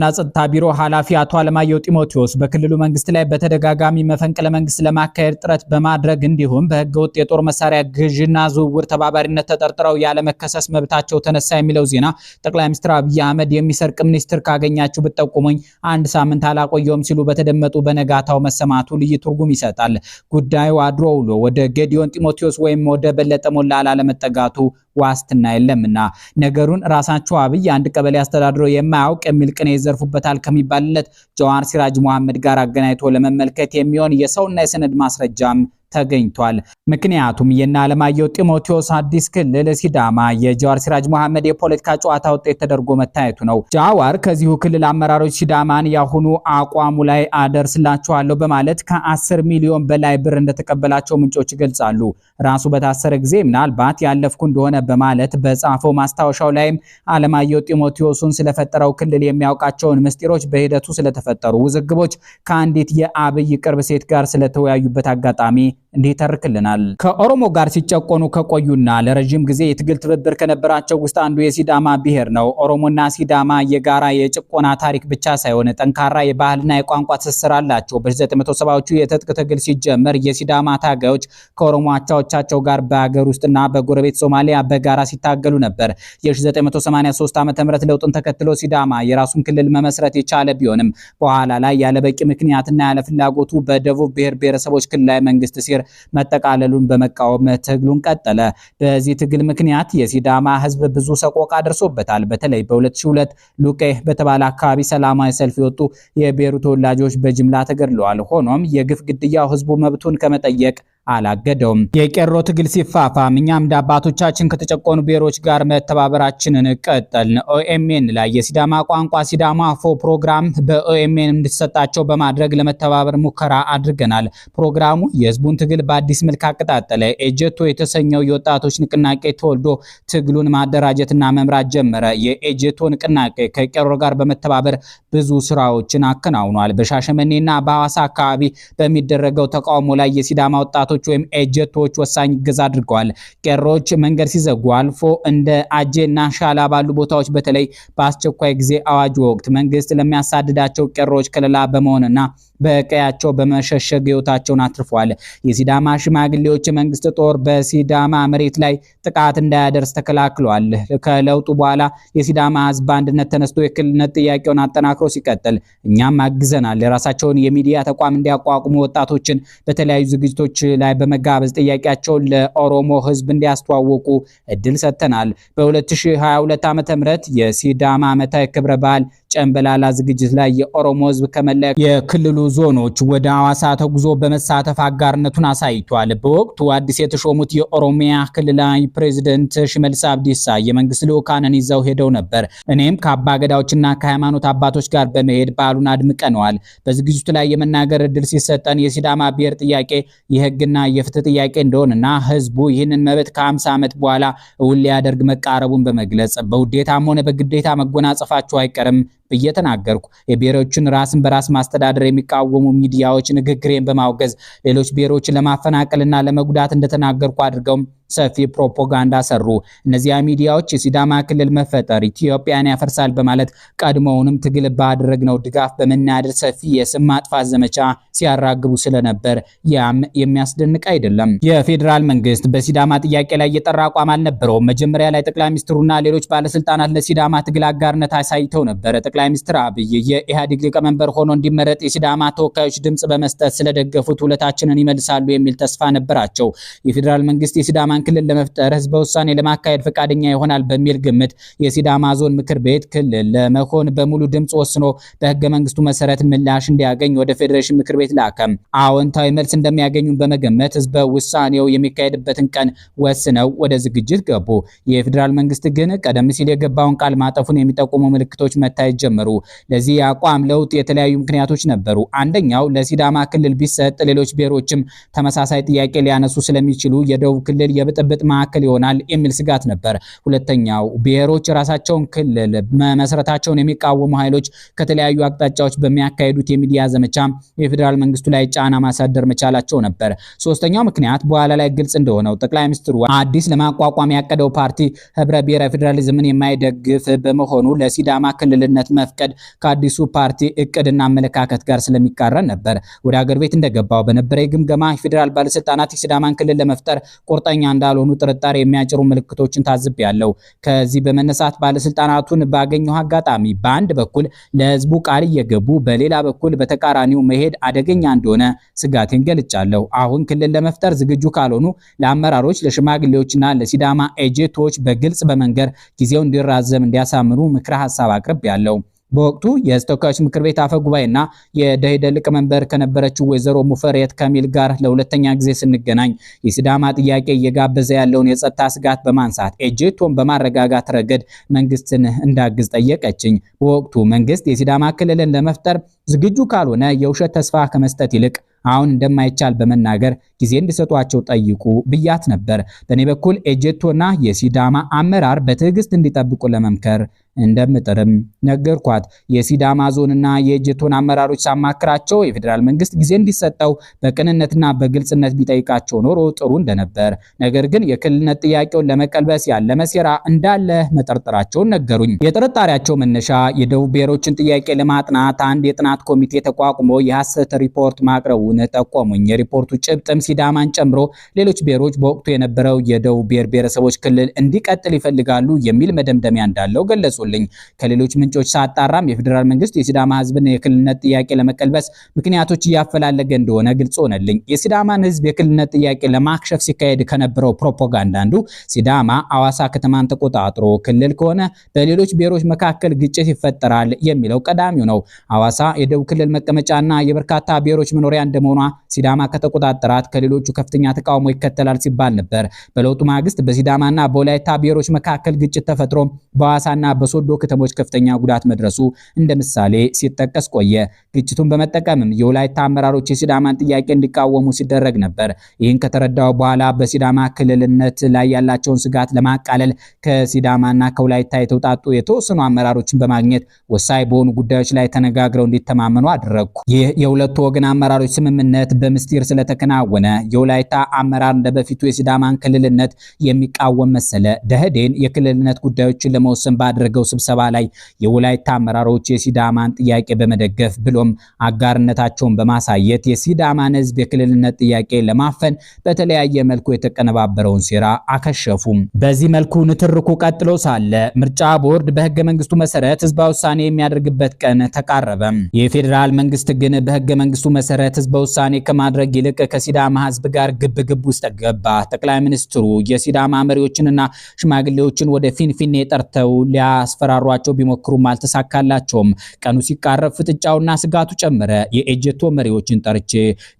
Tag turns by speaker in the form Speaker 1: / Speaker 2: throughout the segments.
Speaker 1: ና ጸጥታ ቢሮ ኃላፊ አቶ አለማየሁ ጢሞቴዎስ በክልሉ መንግስት ላይ በተደጋጋሚ መፈንቅለ መንግስት ለማካሄድ ጥረት በማድረግ እንዲሁም በህገ ወጥ የጦር መሳሪያ ግዥና ዝውውር ተባባሪነት ተጠርጥረው ያለመከሰስ መብታቸው ተነሳ የሚለው ዜና ጠቅላይ ሚኒስትር አብይ አህመድ የሚሰርቅ ሚኒስትር ካገኛችሁ ብትጠቁሙኝ አንድ ሳምንት አላቆየውም ሲሉ በተደመጡ በነጋታው መሰማቱ ልዩ ትርጉም ይሰጣል። ጉዳዩ አድሮ ውሎ ወደ ጌዲዮን ጢሞቴዎስ ወይም ወደ በለጠ ሞላ ላለመጠጋቱ ዋስትና የለምና ነገሩን ራሳቸው አብይ አንድ ቀበሌ አስተዳድሮ የማያውቅ የሚል ቅኔ ይዘርፉበታል ከሚባልለት ጀዋር ሲራጅ መሐመድ ጋር አገናኝቶ ለመመልከት የሚሆን የሰውና የሰነድ ማስረጃም ተገኝቷል። ምክንያቱም የና አለማየሁ ጢሞቴዎስ አዲስ ክልል ሲዳማ የጃዋር ሲራጅ መሐመድ የፖለቲካ ጨዋታ ውጤት ተደርጎ መታየቱ ነው። ጃዋር ከዚሁ ክልል አመራሮች ሲዳማን ያሁኑ አቋሙ ላይ አደርስላችኋለሁ በማለት ከ10 ሚሊዮን በላይ ብር እንደተቀበላቸው ምንጮች ይገልጻሉ። ራሱ በታሰረ ጊዜ ምናልባት ያለፍኩ እንደሆነ በማለት በጻፈው ማስታወሻው ላይም አለማየሁ ጢሞቴዎስን ስለፈጠረው ክልል የሚያውቃቸውን ምስጢሮች፣ በሂደቱ ስለተፈጠሩ ውዝግቦች ከአንዲት የአብይ ቅርብ ሴት ጋር ስለተወያዩበት አጋጣሚ እንዲህ ይተርክልናል። ከኦሮሞ ጋር ሲጨቆኑ ከቆዩና ለረዥም ጊዜ የትግል ትብብር ከነበራቸው ውስጥ አንዱ የሲዳማ ብሔር ነው። ኦሮሞና ሲዳማ የጋራ የጭቆና ታሪክ ብቻ ሳይሆን ጠንካራ የባህልና የቋንቋ ትስስር አላቸው። በ1970ዎቹ የትጥቅ ትግል ሲጀመር የሲዳማ ታጋዮች ከኦሮሞ አቻዎቻቸው ጋር በአገር ውስጥና በጎረቤት ሶማሊያ በጋራ ሲታገሉ ነበር። የ1983 ም ለውጥን ተከትሎ ሲዳማ የራሱን ክልል መመስረት የቻለ ቢሆንም በኋላ ላይ ያለበቂ ምክንያትና ያለፍላጎቱ በደቡብ ብሔር ብሔረሰቦች ክልላዊ መንግስት ሹፌር መጠቃለሉን በመቃወም ትግሉን ቀጠለ። በዚህ ትግል ምክንያት የሲዳማ ህዝብ ብዙ ሰቆቃ ደርሶበታል። በተለይ በ2002 ሉቄ በተባለ አካባቢ ሰላማዊ ሰልፍ የወጡ የብሔሩ ተወላጆች በጅምላ ተገድለዋል። ሆኖም የግፍ ግድያው ህዝቡ መብቱን ከመጠየቅ አላገደውም። የቄሮ ትግል ሲፋፋም እኛም እንደ አባቶቻችን ከተጨቆኑ ብሔሮች ጋር መተባበራችንን ቀጠልን። ኦኤምኤን ላይ የሲዳማ ቋንቋ ሲዳማ አፎ ፕሮግራም በኦኤምኤን እንዲሰጣቸው በማድረግ ለመተባበር ሙከራ አድርገናል። ፕሮግራሙ የህዝቡን ትግል በአዲስ መልክ አቀጣጠለ። ኤጀቶ የተሰኘው የወጣቶች ንቅናቄ ተወልዶ ትግሉን ማደራጀትና መምራት ጀመረ። የኤጀቶ ንቅናቄ ከቄሮ ጋር በመተባበር ብዙ ስራዎችን አከናውኗል። በሻሸመኔና በሐዋሳ አካባቢ በሚደረገው ተቃውሞ ላይ የሲዳማ ወጣቶች ጥቃቶች ወይም ኤጀቶች ወሳኝ እገዛ አድርገዋል። ቄሮች መንገድ ሲዘጉ አልፎ እንደ አጄና ሻላ ባሉ ቦታዎች በተለይ በአስቸኳይ ጊዜ አዋጅ ወቅት መንግስት ለሚያሳድዳቸው ቄሮች ከለላ በመሆንና በቀያቸው በመሸሸግ ህይወታቸውን አትርፏል። የሲዳማ ሽማግሌዎች የመንግስት ጦር በሲዳማ መሬት ላይ ጥቃት እንዳያደርስ ተከላክሏል። ከለውጡ በኋላ የሲዳማ ህዝብ በአንድነት ተነስቶ የክልልነት ጥያቄውን አጠናክሮ ሲቀጥል እኛም አግዘናል። የራሳቸውን የሚዲያ ተቋም እንዲያቋቁሙ ወጣቶችን በተለያዩ ዝግጅቶች ላይ በመጋበዝ ጥያቄያቸውን ለኦሮሞ ህዝብ እንዲያስተዋወቁ እድል ሰጥተናል። በ2022 ም የሲዳማ ዓመታዊ ክብረ በዓል ጨንበላላ ዝግጅት ላይ የኦሮሞ ህዝብ ከመላ የክልሉ ዞኖች ወደ ሐዋሳ ተጉዞ በመሳተፍ አጋርነቱን አሳይቷል። በወቅቱ አዲስ የተሾሙት የኦሮሚያ ክልላዊ ፕሬዚደንት ሽመልስ አብዲሳ የመንግስት ልዑካንን ይዘው ሄደው ነበር። እኔም ከአባገዳዎችና ከሃይማኖት አባቶች ጋር በመሄድ በዓሉን አድምቀነዋል። በዝግጅቱ ላይ የመናገር እድል ሲሰጠን የሲዳማ ብሔር ጥያቄ የህግና የፍትህ ጥያቄ እንደሆነና ህዝቡ ይህንን መብት ከ50 ዓመት በኋላ እውን ሊያደርግ መቃረቡን በመግለጽ በውዴታም ሆነ በግዴታ መጎናጸፋቸው አይቀርም እየተናገርኩ የብሔሮችን ራስን በራስ ማስተዳደር የሚቃወሙ ሚዲያዎች ንግግሬን በማውገዝ ሌሎች ብሔሮችን ለማፈናቀልና ለመጉዳት እንደተናገርኩ አድርገውም ሰፊ ፕሮፓጋንዳ ሰሩ። እነዚያ ሚዲያዎች የሲዳማ ክልል መፈጠር ኢትዮጵያን ያፈርሳል በማለት ቀድሞውንም ትግል ባደረግነው ድጋፍ በመናደር ሰፊ የስም ማጥፋት ዘመቻ ሲያራግቡ ስለነበር ያም የሚያስደንቅ አይደለም። የፌዴራል መንግስት በሲዳማ ጥያቄ ላይ የጠራ አቋም አልነበረውም። መጀመሪያ ላይ ጠቅላይ ሚኒስትሩና ሌሎች ባለስልጣናት ለሲዳማ ትግል አጋርነት አሳይተው ነበር። ጠቅላይ ሚኒስትር አብይ የኢህአዴግ ሊቀመንበር ሆኖ እንዲመረጥ የሲዳማ ተወካዮች ድምጽ በመስጠት ስለደገፉት ውለታችንን ይመልሳሉ የሚል ተስፋ ነበራቸው። የፌዴራል መንግስት የሲዳማ የሲዳማን ክልል ለመፍጠር ህዝበ ውሳኔ ለማካሄድ ፈቃደኛ ይሆናል በሚል ግምት የሲዳማ ዞን ምክር ቤት ክልል ለመሆን በሙሉ ድምፅ ወስኖ በህገ መንግስቱ መሰረት ምላሽ እንዲያገኝ ወደ ፌዴሬሽን ምክር ቤት ላከም። አዎንታዊ መልስ እንደሚያገኙ በመገመት ህዝበ ውሳኔው የሚካሄድበትን ቀን ወስነው ወደ ዝግጅት ገቡ። የፌዴራል መንግስት ግን ቀደም ሲል የገባውን ቃል ማጠፉን የሚጠቁሙ ምልክቶች መታየት ጀመሩ። ለዚህ የአቋም ለውጥ የተለያዩ ምክንያቶች ነበሩ። አንደኛው ለሲዳማ ክልል ቢሰጥ ሌሎች ብሔሮችም ተመሳሳይ ጥያቄ ሊያነሱ ስለሚችሉ የደቡብ ክልል ብጥብጥ ማዕከል ይሆናል የሚል ስጋት ነበር። ሁለተኛው ብሔሮች የራሳቸውን ክልል መመስረታቸውን የሚቃወሙ ኃይሎች ከተለያዩ አቅጣጫዎች በሚያካሄዱት የሚዲያ ዘመቻ የፌዴራል መንግስቱ ላይ ጫና ማሳደር መቻላቸው ነበር። ሶስተኛው ምክንያት በኋላ ላይ ግልጽ እንደሆነው ጠቅላይ ሚኒስትሩ አዲስ ለማቋቋም ያቀደው ፓርቲ ህብረ ብሔራዊ ፌዴራሊዝምን የማይደግፍ በመሆኑ ለሲዳማ ክልልነት መፍቀድ ከአዲሱ ፓርቲ እቅድና አመለካከት ጋር ስለሚቃረን ነበር። ወደ አገር ቤት እንደገባው በነበረ የግምገማ የፌዴራል ባለስልጣናት የሲዳማን ክልል ለመፍጠር ቁርጠኛ እንዳልሆኑ ጥርጣሬ የሚያጭሩ ምልክቶችን ያለው። ከዚህ በመነሳት ባለስልጣናቱን ባገኘው አጋጣሚ በአንድ በኩል ለህዝቡ ቃል እየገቡ በሌላ በኩል በተቃራኒው መሄድ አደገኛ እንደሆነ ስጋቴን ገልጫለሁ። አሁን ክልል ለመፍጠር ዝግጁ ካልሆኑ ለአመራሮች፣ ለሽማግሌዎችና ለሲዳማ ኤጀቶች በግልጽ በመንገር ጊዜው እንዲራዘም እንዲያሳምኑ ምክረ ሀሳብ ያለው። በወቅቱ የተወካዮች ምክር ቤት አፈ ጉባኤና የደኢህዴን ሊቀመንበር ከነበረችው ወይዘሮ ሙፈሪያት ካሚል ጋር ለሁለተኛ ጊዜ ስንገናኝ የሲዳማ ጥያቄ እየጋበዘ ያለውን የጸጥታ ስጋት በማንሳት ኤጄቶን በማረጋጋት ረገድ መንግስትን እንዳግዝ ጠየቀችኝ። በወቅቱ መንግስት የሲዳማ ክልልን ለመፍጠር ዝግጁ ካልሆነ የውሸት ተስፋ ከመስጠት ይልቅ አሁን እንደማይቻል በመናገር ጊዜ እንዲሰጧቸው ጠይቁ ብያት ነበር። በእኔ በኩል ኤጀቶና የሲዳማ አመራር በትዕግስት እንዲጠብቁ ለመምከር እንደምጥርም ነገርኳት። የሲዳማ ዞንና የኤጀቶን አመራሮች ሳማክራቸው የፌዴራል መንግስት ጊዜ እንዲሰጠው በቅንነትና በግልጽነት ቢጠይቃቸው ኖሮ ጥሩ እንደነበር፣ ነገር ግን የክልልነት ጥያቄውን ለመቀልበስ ያለመ ሴራ እንዳለ መጠርጠራቸውን ነገሩኝ። የጥርጣሬያቸው መነሻ የደቡብ ብሔሮችን ጥያቄ ለማጥናት አንድ የጥናት ኮሚቴ ተቋቁሞ የሐሰት ሪፖርት ማቅረቡ እንዳከናወነ ጠቆሙኝ። የሪፖርቱ ጭብጥም ሲዳማን ጨምሮ ሌሎች ብሔሮች በወቅቱ የነበረው የደቡብ ብሔር ብሔረሰቦች ክልል እንዲቀጥል ይፈልጋሉ የሚል መደምደሚያ እንዳለው ገለጹልኝ። ከሌሎች ምንጮች ሳጣራም የፌዴራል መንግስት የሲዳማ ህዝብን የክልልነት ጥያቄ ለመቀልበስ ምክንያቶች እያፈላለገ እንደሆነ ግልጽ ሆነልኝ። የሲዳማን ህዝብ የክልልነት ጥያቄ ለማክሸፍ ሲካሄድ ከነበረው ፕሮፓጋንዳ አንዱ ሲዳማ አዋሳ ከተማን ተቆጣጥሮ ክልል ከሆነ በሌሎች ብሔሮች መካከል ግጭት ይፈጠራል የሚለው ቀዳሚው ነው። አዋሳ የደቡብ ክልል መቀመጫና የበርካታ ብሔሮች መኖሪያ እንደ እንደመሆኗ ሲዳማ ከተቆጣጠራት ከሌሎቹ ከፍተኛ ተቃውሞ ይከተላል ሲባል ነበር። በለውጡ ማግስት በሲዳማና በወላይታ ብሔሮች መካከል ግጭት ተፈጥሮ በሐዋሳና በሶዶ ከተሞች ከፍተኛ ጉዳት መድረሱ እንደ ምሳሌ ሲጠቀስ ቆየ። ግጭቱን በመጠቀምም የወላይታ አመራሮች የሲዳማን ጥያቄ እንዲቃወሙ ሲደረግ ነበር። ይህን ከተረዳው በኋላ በሲዳማ ክልልነት ላይ ያላቸውን ስጋት ለማቃለል ከሲዳማና ከወላይታ የተውጣጡ የተወሰኑ አመራሮችን በማግኘት ወሳኝ በሆኑ ጉዳዮች ላይ ተነጋግረው እንዲተማመኑ አደረግኩ። ይህ የሁለቱ ወገን አመራሮች ስም ስምምነት በምስጢር ስለተከናወነ የወላይታ አመራር እንደ በፊቱ የሲዳማን ክልልነት የሚቃወም መሰለ። ደኢህዴን የክልልነት ጉዳዮችን ለመወሰን ባደረገው ስብሰባ ላይ የወላይታ አመራሮች የሲዳማን ጥያቄ በመደገፍ ብሎም አጋርነታቸውን በማሳየት የሲዳማን ህዝብ የክልልነት ጥያቄ ለማፈን በተለያየ መልኩ የተቀነባበረውን ሴራ አከሸፉም። በዚህ መልኩ ንትርኩ ቀጥሎ ሳለ ምርጫ ቦርድ በህገ መንግስቱ መሰረት ህዝባዊ ውሳኔ የሚያደርግበት ቀን ተቃረበም። የፌዴራል መንግስት ግን በህገ መንግስቱ መሰረት ህዝበ ውሳኔ ከማድረግ ይልቅ ከሲዳማ ህዝብ ጋር ግብግብ ውስጥ ገባ። ጠቅላይ ሚኒስትሩ የሲዳማ መሪዎችንና ሽማግሌዎችን ወደ ፊንፊኔ ጠርተው ሊያስፈራሯቸው ቢሞክሩም አልተሳካላቸውም። ቀኑ ሲቃረብ ፍጥጫውና ስጋቱ ጨመረ። የኤጀቶ መሪዎችን ጠርቼ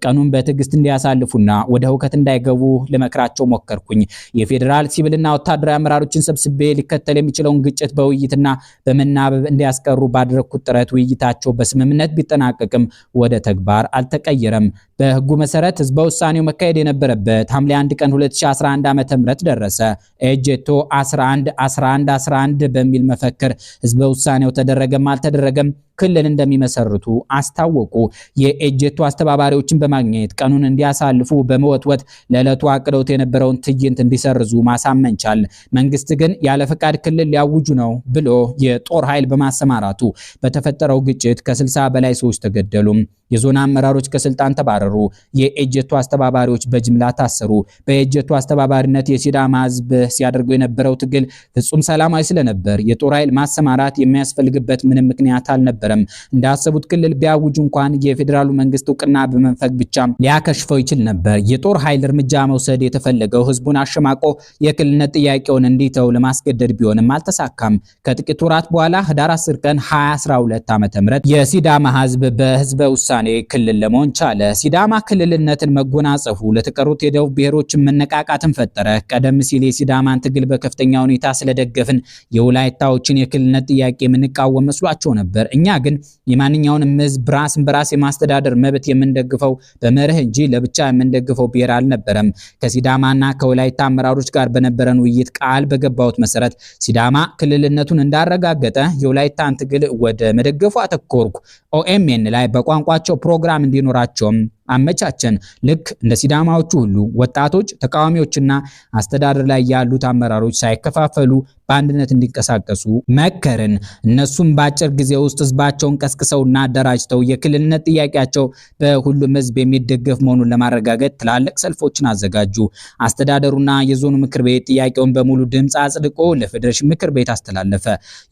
Speaker 1: ቀኑን በትዕግስት እንዲያሳልፉና ወደ ሁከት እንዳይገቡ ልመክራቸው ሞከርኩኝ። የፌዴራል ሲቪልና ወታደራዊ አመራሮችን ሰብስቤ ሊከተል የሚችለውን ግጭት በውይይትና በመናበብ እንዲያስቀሩ ባደረግኩት ጥረት ውይይታቸው በስምምነት ቢጠናቀቅም ወደ ተግባር አልተቀየረም። አልተቀየረም። በህጉ መሰረት ህዝበ ውሳኔው መካሄድ የነበረበት ሐምሌ 1 ቀን 2011 ዓ ም ደረሰ። ኤጀቶ 11 11 11 በሚል መፈክር ህዝበ ውሳኔው ተደረገም አልተደረገም ክልል እንደሚመሰርቱ አስታወቁ። የኤጀቶ አስተባባሪዎችን በማግኘት ቀኑን እንዲያሳልፉ በመወትወት ለዕለቱ አቅደውት የነበረውን ትዕይንት እንዲሰርዙ ማሳመን ቻል። መንግስት ግን ያለ ፈቃድ ክልል ሊያውጁ ነው ብሎ የጦር ኃይል በማሰማራቱ በተፈጠረው ግጭት ከ60 በላይ ሰዎች ተገደሉ። የዞን አመራሮች ከስልጣን ተባረሩ። የኤጀቶ አስተባባሪዎች በጅምላ ታሰሩ። በኤጀቱ አስተባባሪነት የሲዳማ ሕዝብ ሲያደርገው የነበረው ትግል ፍጹም ሰላማዊ ስለነበር የጦር ኃይል ማሰማራት የሚያስፈልግበት ምንም ምክንያት አልነበረ አልነበረም። እንዳሰቡት ክልል ቢያውጅ እንኳን የፌዴራሉ መንግስት እውቅና በመንፈግ ብቻ ሊያከሽፈው ይችል ነበር። የጦር ኃይል እርምጃ መውሰድ የተፈለገው ህዝቡን አሸማቆ የክልልነት ጥያቄውን እንዲተው ለማስገደድ ቢሆንም አልተሳካም። ከጥቂት ወራት በኋላ ህዳር 10 ቀን 2012 ም የሲዳማ ህዝብ በህዝበ ውሳኔ ክልል ለመሆን ቻለ። ሲዳማ ክልልነትን መጎናጸፉ ለተቀሩት የደቡብ ብሔሮች መነቃቃትን ፈጠረ። ቀደም ሲል የሲዳማን ትግል በከፍተኛ ሁኔታ ስለደገፍን የውላይታዎችን የክልልነት ጥያቄ የምንቃወም መስሏቸው ነበር። እኛ ግን የማንኛውንም ህዝብ ራስን በራስ የማስተዳደር መብት የምንደግፈው በመርህ እንጂ ለብቻ የምንደግፈው ብሔር አልነበረም። ከሲዳማና ከወላይታ አመራሮች ጋር በነበረን ውይይት ቃል በገባሁት መሰረት ሲዳማ ክልልነቱን እንዳረጋገጠ የወላይታን ትግል ወደ መደገፉ አተኮርኩ። ኦኤምኤን ላይ በቋንቋቸው ፕሮግራም እንዲኖራቸውም አመቻቸን። ልክ እንደ ሲዳማዎቹ ሁሉ ወጣቶች፣ ተቃዋሚዎችና አስተዳደር ላይ ያሉት አመራሮች ሳይከፋፈሉ በአንድነት እንዲንቀሳቀሱ መከርን። እነሱም በአጭር ጊዜ ውስጥ ህዝባቸውን ቀስቅሰውና አደራጅተው የክልልነት ጥያቄያቸው በሁሉም ህዝብ የሚደገፍ መሆኑን ለማረጋገጥ ትላልቅ ሰልፎችን አዘጋጁ። አስተዳደሩና የዞኑ ምክር ቤት ጥያቄውን በሙሉ ድምፅ አጽድቆ ለፌዴሬሽን ምክር ቤት አስተላለፈ።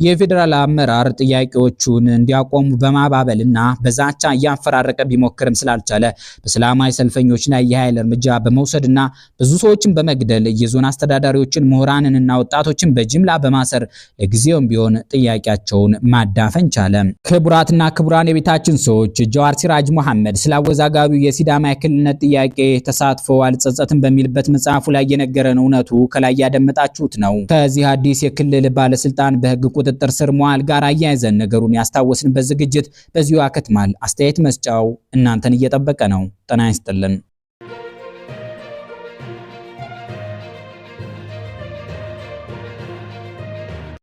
Speaker 1: የፌዴራል አመራር ጥያቄዎቹን እንዲያቆሙ በማባበልና በዛቻ እያፈራረቀ ቢሞክርም ስላልቻለ በሰላማዊ ሰልፈኞች ላይ የኃይል እርምጃ በመውሰድና ብዙ ሰዎችን በመግደል የዞን አስተዳዳሪዎችን፣ ምሁራንንና ወጣቶችን በጅምላ በማሰር ለጊዜውም ቢሆን ጥያቄያቸውን ማዳፈን ቻለ። ክቡራትና ክቡራን የቤታችን ሰዎች ጀዋር ሲራጅ መሐመድ ስለ አወዛጋቢው የሲዳማ የክልልነት ጥያቄ ተሳትፎ አልጸጸትም በሚልበት መጽሐፉ ላይ የነገረን እውነቱ ከላይ ያደመጣችሁት ነው። ከዚህ አዲስ የክልል ባለስልጣን በህግ ቁጥጥር ስር መዋል ጋር አያይዘን ነገሩን ያስታወስንበት ዝግጅት በዚሁ አከትማል። አስተያየት መስጫው እናንተን እየጠበቀ ነው። ጤና ይስጥልን።